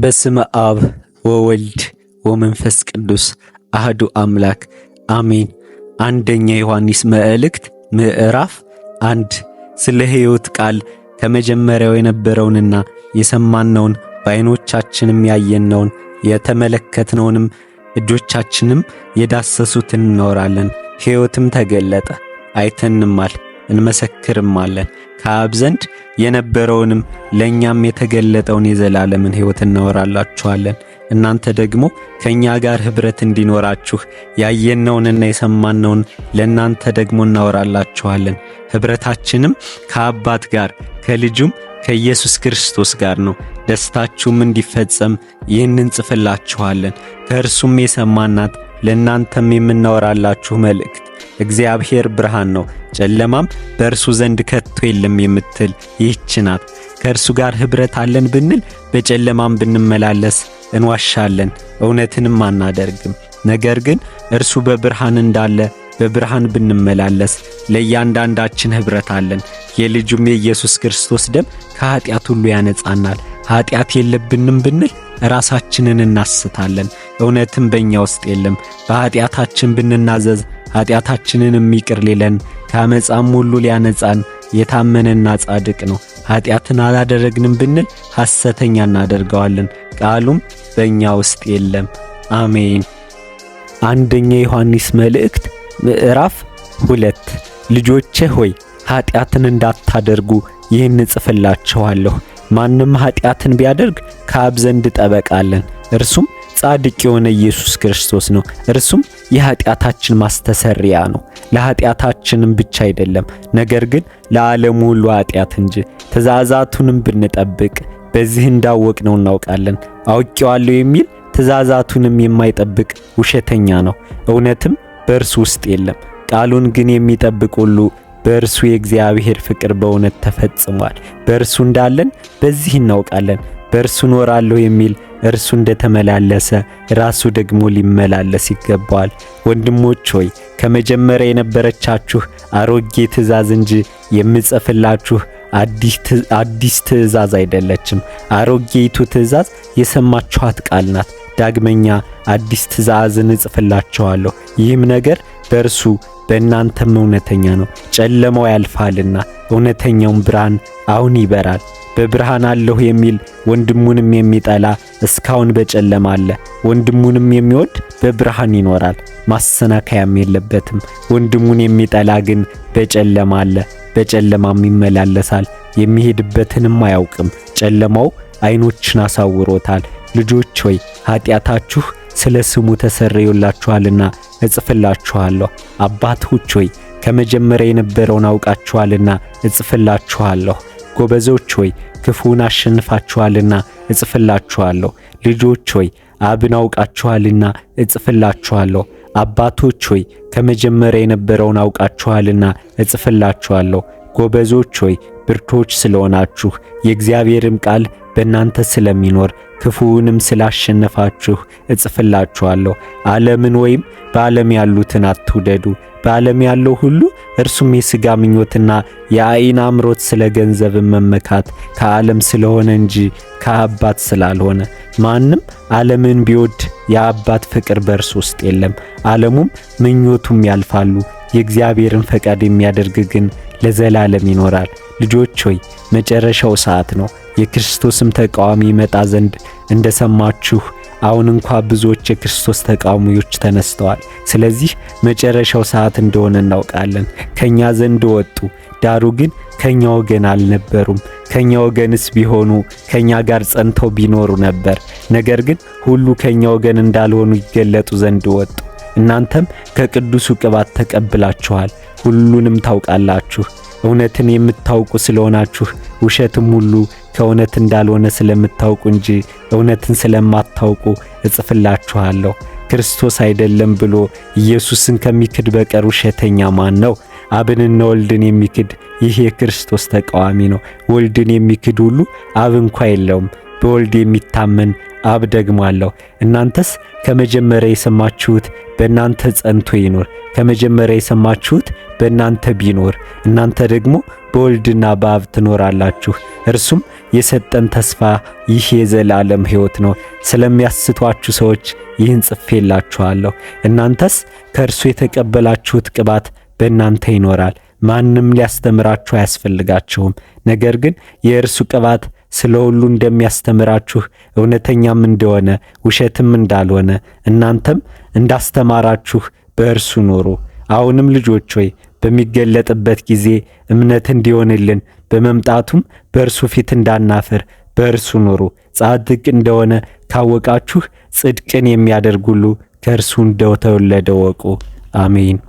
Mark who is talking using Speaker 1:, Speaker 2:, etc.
Speaker 1: በስመ አብ ወወልድ ወመንፈስ ቅዱስ አህዱ አምላክ አሜን። አንደኛ ዮሐንስ መልእክት ምዕራፍ አንድ ስለ ሕይወት ቃል ከመጀመሪያው የነበረውንና የሰማነውን በዓይኖቻችንም ያየነውን የተመለከትነውንም እጆቻችንም የዳሰሱትን እናወራለን። ሕይወትም ተገለጠ፣ አይተንማል፣ እንመሰክርማለን። ከአብ ዘንድ የነበረውንም ለእኛም የተገለጠውን የዘላለምን ሕይወት እናወራላችኋለን። እናንተ ደግሞ ከእኛ ጋር ኅብረት እንዲኖራችሁ ያየነውንና የሰማነውን ለእናንተ ደግሞ እናወራላችኋለን። ኅብረታችንም ከአባት ጋር ከልጁም ከኢየሱስ ክርስቶስ ጋር ነው። ደስታችሁም እንዲፈጸም ይህን እንጽፍላችኋለን። ከእርሱም የሰማናት ለእናንተም የምናወራላችሁ መልእክት እግዚአብሔር ብርሃን ነው፣ ጨለማም በእርሱ ዘንድ ከቶ የለም የምትል ይህች ናት። ከእርሱ ጋር ኅብረት አለን ብንል በጨለማም ብንመላለስ እንዋሻለን፣ እውነትንም አናደርግም። ነገር ግን እርሱ በብርሃን እንዳለ በብርሃን ብንመላለስ ለእያንዳንዳችን ኅብረት አለን። የልጁም የኢየሱስ ክርስቶስ ደም ከኀጢአት ሁሉ ያነጻናል። ኀጢአት የለብንም ብንል ራሳችንን እናስታለን፣ እውነትም በእኛ ውስጥ የለም። በኀጢአታችን ብንናዘዝ ኀጢአታችንንም ይቅር ሊለን ከአመፃም ሁሉ ሊያነጻን የታመነና ጻድቅ ነው። ኀጢአትን አላደረግንም ብንል ሐሰተኛ እናደርገዋለን፣ ቃሉም በእኛ ውስጥ የለም። አሜን። አንደኛ ዮሐንስ መልእክት ምዕራፍ ሁለት ልጆቼ ሆይ ኀጢአትን እንዳታደርጉ ይህን እጽፍላችኋለሁ። ማንም ኀጢአትን ቢያደርግ ከአብ ዘንድ ጠበቃለን፣ እርሱም ጻድቅ የሆነ ኢየሱስ ክርስቶስ ነው። እርሱም የኃጢአታችን ማስተሰሪያ ነው። ለኃጢአታችንም ብቻ አይደለም፣ ነገር ግን ለዓለሙ ሁሉ ኃጢአት እንጂ። ትእዛዛቱንም ብንጠብቅ በዚህ እንዳወቅ ነው እናውቃለን። አውቄዋለሁ የሚል ትእዛዛቱንም የማይጠብቅ ውሸተኛ ነው፣ እውነትም በእርሱ ውስጥ የለም። ቃሉን ግን የሚጠብቅ ሁሉ በእርሱ የእግዚአብሔር ፍቅር በእውነት ተፈጽሟል። በእርሱ እንዳለን በዚህ እናውቃለን። በእርሱ እኖራለሁ የሚል እርሱ እንደተመላለሰ ራሱ ደግሞ ሊመላለስ ይገባዋል። ወንድሞች ሆይ ከመጀመሪያ የነበረቻችሁ አሮጌ ትእዛዝ እንጂ የምጽፍላችሁ አዲስ ትእዛዝ አይደለችም። አሮጌይቱ ትእዛዝ የሰማችኋት ቃል ናት። ዳግመኛ አዲስ ትእዛዝን እጽፍላችኋለሁ። ይህም ነገር በእርሱ በእናንተም እውነተኛ ነው። ጨለማው ያልፋልና እውነተኛውም ብርሃን አሁን ይበራል። በብርሃን አለሁ የሚል ወንድሙንም የሚጠላ እስካሁን በጨለማ አለ። ወንድሙንም የሚወድ በብርሃን ይኖራል፣ ማሰናከያም የለበትም። ወንድሙን የሚጠላ ግን በጨለማ አለ፣ በጨለማም ይመላለሳል፣ የሚሄድበትንም አያውቅም። ጨለማው ዓይኖችን አሳውሮታል። ልጆች ሆይ ኃጢአታችሁ ስለ ስሙ ተሰረዩላችኋልና እጽፍላችኋለሁ። አባቶች ሆይ ከመጀመሪያ የነበረውን አውቃችኋልና እጽፍላችኋለሁ። ጎበዞች ሆይ ክፉን አሸንፋችኋልና እጽፍላችኋለሁ። ልጆች ሆይ አብን አውቃችኋልና እጽፍላችኋለሁ። አባቶች ሆይ ከመጀመሪያ የነበረውን አውቃችኋልና እጽፍላችኋለሁ። ጎበዞች ሆይ ብርቶች ስለሆናችሁ የእግዚአብሔርም ቃል በእናንተ ስለሚኖር ክፉውንም ስላሸነፋችሁ እጽፍላችኋለሁ። ዓለምን ወይም በዓለም ያሉትን አትውደዱ። በዓለም ያለው ሁሉ እርሱም የሥጋ ምኞትና የአይን አምሮት ስለ ገንዘብ መመካት ከዓለም ስለሆነ እንጂ ከአባት ስላልሆነ ማንም ዓለምን ቢወድ የአባት ፍቅር በእርሱ ውስጥ የለም። ዓለሙም ምኞቱም ያልፋሉ፣ የእግዚአብሔርን ፈቃድ የሚያደርግ ግን ለዘላለም ይኖራል። ልጆች ሆይ መጨረሻው ሰዓት ነው። የክርስቶስም ተቃዋሚ ይመጣ ዘንድ እንደሰማችሁ አሁን እንኳ ብዙዎች የክርስቶስ ተቃዋሚዎች ተነስተዋል። ስለዚህ መጨረሻው ሰዓት እንደሆነ እናውቃለን። ከኛ ዘንድ ወጡ፣ ዳሩ ግን ከኛ ወገን አልነበሩም። ከኛ ወገንስ ቢሆኑ ከኛ ጋር ጸንተው ቢኖሩ ነበር። ነገር ግን ሁሉ ከኛ ወገን እንዳልሆኑ ይገለጡ ዘንድ ወጡ። እናንተም ከቅዱሱ ቅባት ተቀብላችኋል፣ ሁሉንም ታውቃላችሁ። እውነትን የምታውቁ ስለሆናችሁ ውሸትም ሁሉ ከእውነት እንዳልሆነ ስለምታውቁ እንጂ እውነትን ስለማታውቁ እጽፍላችኋለሁ። ክርስቶስ አይደለም ብሎ ኢየሱስን ከሚክድ በቀር ውሸተኛ ማን ነው? አብንና ወልድን የሚክድ ይህ የክርስቶስ ተቃዋሚ ነው። ወልድን የሚክድ ሁሉ አብ እንኳ የለውም፣ በወልድ የሚታመን አብ ደግሞ አለው። እናንተስ ከመጀመሪያ የሰማችሁት በእናንተ ጸንቶ ይኖር ከመጀመሪያ የሰማችሁት በእናንተ ቢኖር እናንተ ደግሞ በወልድና በአብ ትኖራላችሁ። እርሱም የሰጠን ተስፋ ይህ የዘላለም ሕይወት ነው። ስለሚያስቷችሁ ሰዎች ይህን ጽፌላችኋለሁ። እናንተስ ከእርሱ የተቀበላችሁት ቅባት በእናንተ ይኖራል፣ ማንም ሊያስተምራችሁ አያስፈልጋችሁም። ነገር ግን የእርሱ ቅባት ስለ ሁሉ እንደሚያስተምራችሁ እውነተኛም እንደሆነ ውሸትም እንዳልሆነ እናንተም እንዳስተማራችሁ በእርሱ ኖሩ። አሁንም ልጆች ሆይ በሚገለጥበት ጊዜ እምነት እንዲሆንልን በመምጣቱም በእርሱ ፊት እንዳናፍር በእርሱ ኑሩ። ጻድቅ እንደሆነ ካወቃችሁ ጽድቅን የሚያደርግ ሁሉ ከእርሱ እንደተወለደ ወቁ። አሜን።